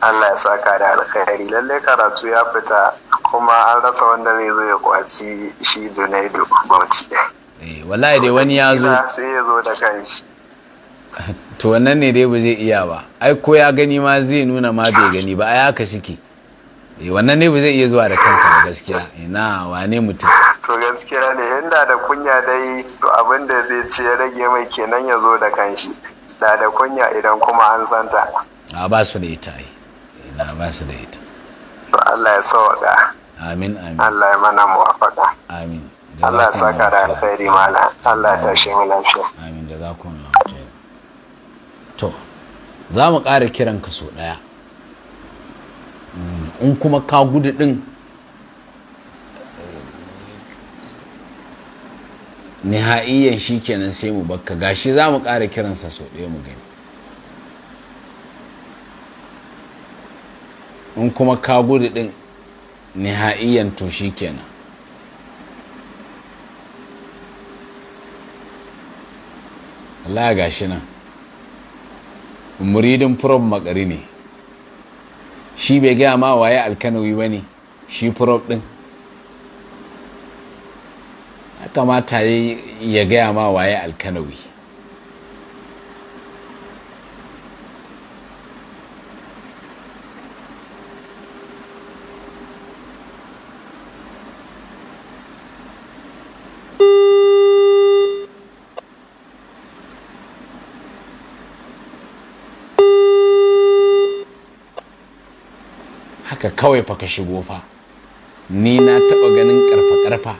Allah ya saka da alkhairi lallai karatu ya fita kuma an rasa wanda zai zo ya kwaci shi junaidu bauchi eh wallahi dai wani ya zo sai ya zo da kanshi to wannan ne dai ba zai iya ba ai ko ya gani ma zai nuna ma bai gani ba ai haka suke eh wannan ne ba zai iya zuwa da kansa ba gaskiya ina eh, wane mutum to gaskiya ne inda da kunya dai to abin da zai ce ya rage mai kenan ya zo da kanshi da da kunya idan kuma an santa a ah, ba su da ita ai ina eh, ba su da ita to Allah ya waɗa. amin amin Allah ya mana muwafaka amin Allah ya sa ka da ma mana Allah ya tashi mu lafiya amin Za jazakumullahu khair to za mu ƙara kiran ka so ɗaya mm, in kuma ka gudu ɗin eh, niha'iyyan shi kenan sai mu bakka gashi za mu ƙara kiransa so ɗaya mu gani in kuma ka gudu ɗin nihaiyan to shi kenan Allah ga shi nan muridin furob makari ne shi bai gaya ma waye alkanawi ba ne shi furob ɗin kamata ya gaya ma waye alkanawi haka kawai fa ka shigo fa ni na taɓa ganin ƙarfa-ƙarfa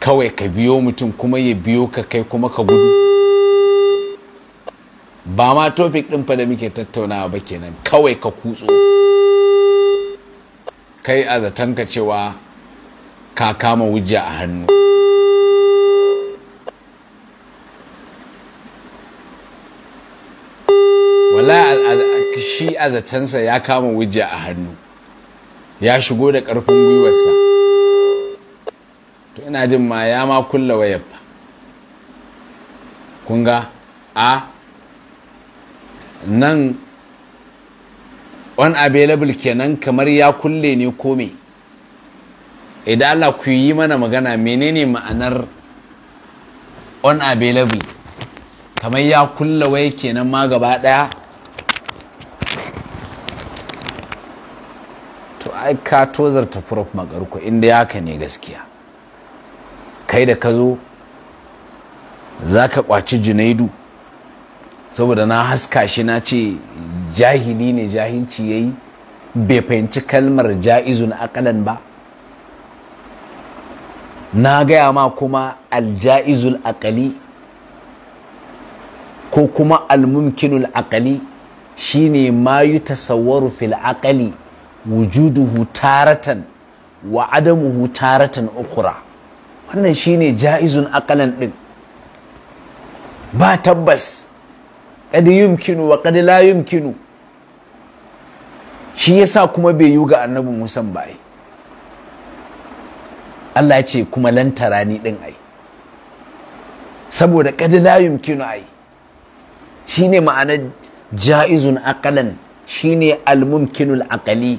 kawai ka biyo mutum kuma ya biyo ka kai kuma ka gudu ba ma topic ɗin fa da muke tattaunawa ba kenan kawai ka kutso kai a zaton ka cewa ka kama wujja a hannu shi a zatansa ya kama wujja a hannu ya shigo da ƙarfin gwiwarsa to ina jin ma ya ma kulla wayar fa kun a nan available kenan kamar ya kulle ne kome idan Allah ku yi mana magana menene ma'anar available kamar ya kulla waya kenan ma gaba daya ai ka tozarta prof makarko inda yaka ne gaskiya kai da ka zo za ka kwaci junaidu saboda na haska shi na ce jahili ne jahilci ya yi bai fahimci kalmar Ja'izu na akalan ba na gaya ma kuma alja'izul akali ko kuma almumkinul akali shine ma yi fil akali wujuduhu taratan wa adamuhu taratan ukura wannan shine jaizun akalan din ba tabbas kad yumkinu wa kad la yumkinu shi yasa kuma bai yi ga annabi Musa ba Allah ya ce kuma lantara ni din ai saboda kad la yumkinu ai shine ma'anar jaizun akalan shine al-mumkinul aqali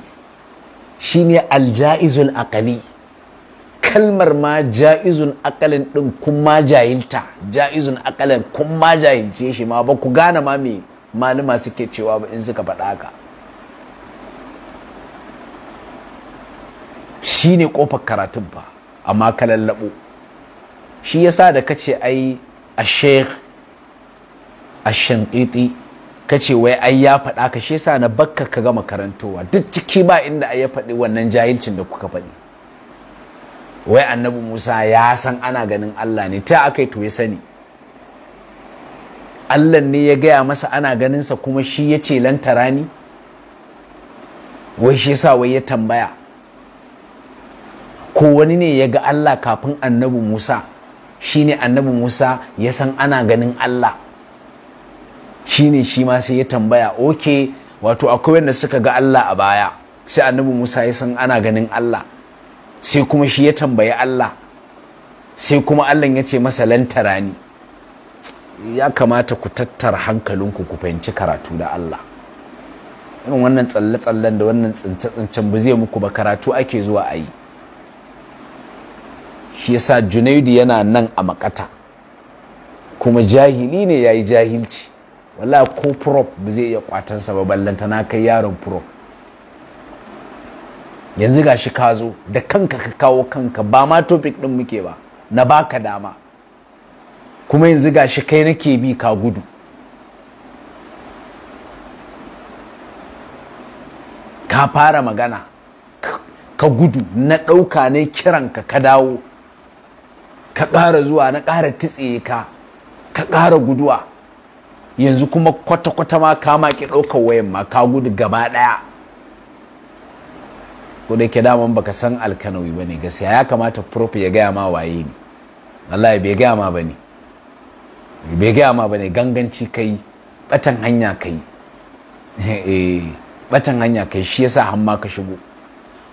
Shi ne aljaizul akali kalmar ma jaizun akalin ɗin kun ma jayinta jaizun akalin kun ma jayince shi ma ba ku gane ma me malama suke cewa ba in suka faɗa haka shi ne ƙofar karatun ba amma ka lallaɓo shi yasa da kace ai a sheikh a shanƙiɗi ka ce wai ai ya faɗa ka shi yasa na bakka ka gama karantowa duk ciki ba inda ai ya faɗi wannan jahilcin da kuka faɗi wai annabi Musa ya san ana ganin Allah ne ta aka yi to ya sani Allah ne ya gaya masa ana ganinsa kuma shi ya ce lantara ni wai shi yasa wai ya tambaya ko wani ne ya ga Allah kafin annabi Musa shine annabi Musa ya san ana ganin Allah shine shi ma sai ya tambaya oke wato akwai wanda suka ga Allah a baya sai annabi Musa ya san ana ganin Allah sai kuma shi ya tambayi Allah sai kuma Allah ya ce masa lantara ni ya kamata ku tattara hankalinku ku fahimci karatu da Allah irin wannan tsalle-tsallen da wannan tsince-tsincen ba zai muku ba karatu ake zuwa a yi shi yasa Junaidu yana nan a makata kuma jahili ne ya yi jahilci wala ko prop ba zai iya kwatan sa ba ballanta na kai yaron prop yanzu gashi ka zo da kanka ka kawo kanka ba ma topic din muke ba na baka dama kuma yanzu gashi kai nake bi ka gudu ka fara magana ka gudu na ɗauka ne kiranka ka dawo ka ƙara zuwa na ƙara titse ka ka ƙara guduwa yanzu kuma kwata-kwata ma ka ki ɗaukar wayan ma ka gudu gaba ɗaya ko da ke daman baka san alkanawi ba ne gaskiya ya kamata prof ya gaya ma waye ne ya bai gaya ma ba ne bai gaya ma ba ne ganganci kai batan hanya kai batan eh, hanya kai shi yasa hamma ka shigo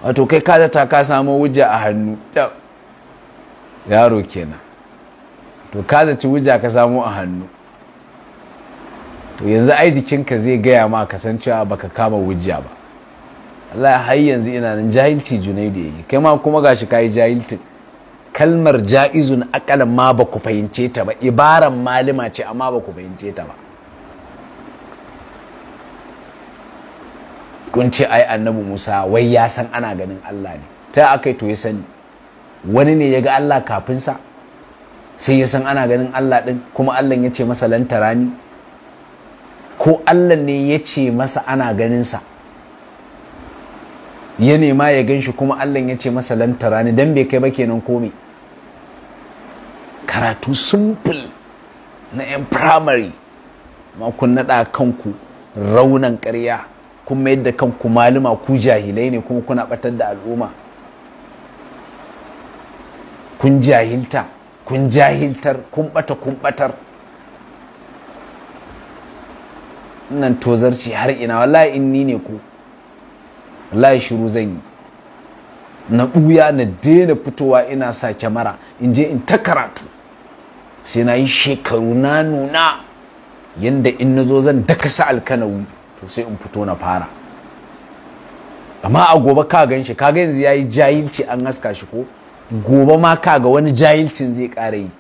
wato kai ka zata ka samu wuja a hannu yaro kenan to ka zaci wuja ka samu a hannu to yanzu ai jikinka zai gaya ma kasancewa baka kama wujja ba Allah har yanzu ina nan jahilci junaidu yayi kai ma kuma gashi kai jahilci kalmar ja'izun akalan ma ba ku fahimce ta ba ibaran malima ce amma ba ku fahimce ta ba kun ce ai annabi Musa wai ya san ana ganin Allah ne ta akai to ya sani wani ne ya ga Allah kafin sa sai ya san ana ganin Allah din kuma Allah ya ce masa ni? ko Allah ne ya ce masa ana ganinsa ya nema ya gan shi kuma Allah ya ce masa lantara ne don bai kai ba kenan komi karatu simple na 'yan primary. ma kun naɗa kanku raunan ƙarya mayar da kanku maluma ku jahilai ne kuma kuna ɓatar da al'umma kun jahilta kun jahiltar kun ɓata kun ɓatar nan tozarci har ina wallahi in ni ne ko wallahi shiru zan yi na ɓuya na daina fitowa ina sa kyamara in je in ta karatu sai na yi shekaru na nuna yanda in na zo zan dakasa alkanawi to sai in fito na fara amma a gobe ka gan shi kaga yanzu ya yi jahilci an haska shi ko gobe ma kaga wani jahilcin zai ƙara yi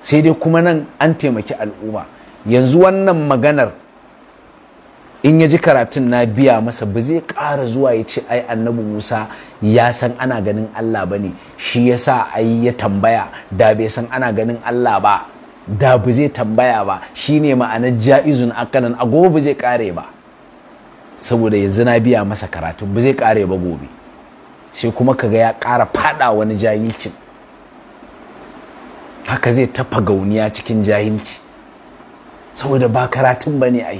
sai dai kuma nan an taimaki al'umma yanzu wannan maganar in ya ji karatun na biya masa ba zai ƙara zuwa ya ce ai annabi musa ya san ana ganin allah ba ne shi ya sa ai ya tambaya da bai san ana ganin allah ba da ba zai tambaya ba shi ne ma'anar ja'izun akalan a gobe ba zai ƙare ba saboda yanzu na biya masa karatun ba zai ƙare ba gobe sai kuma ka ga ya ƙara faɗa wani jahilcin haka zai tafa gauniya cikin jahilci saboda ba karatun ba ne ai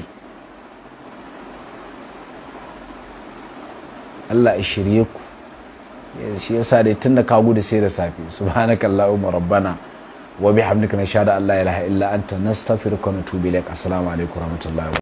Allah ya shirye ku shi yasa dai tun da ka gudu sai da safe subhanakallahumma rabbana wa bihamdika nashhadu an la ilaha illa anta nastaghfiruka wa natubu ilaik assalamu alaikum warahmatullahi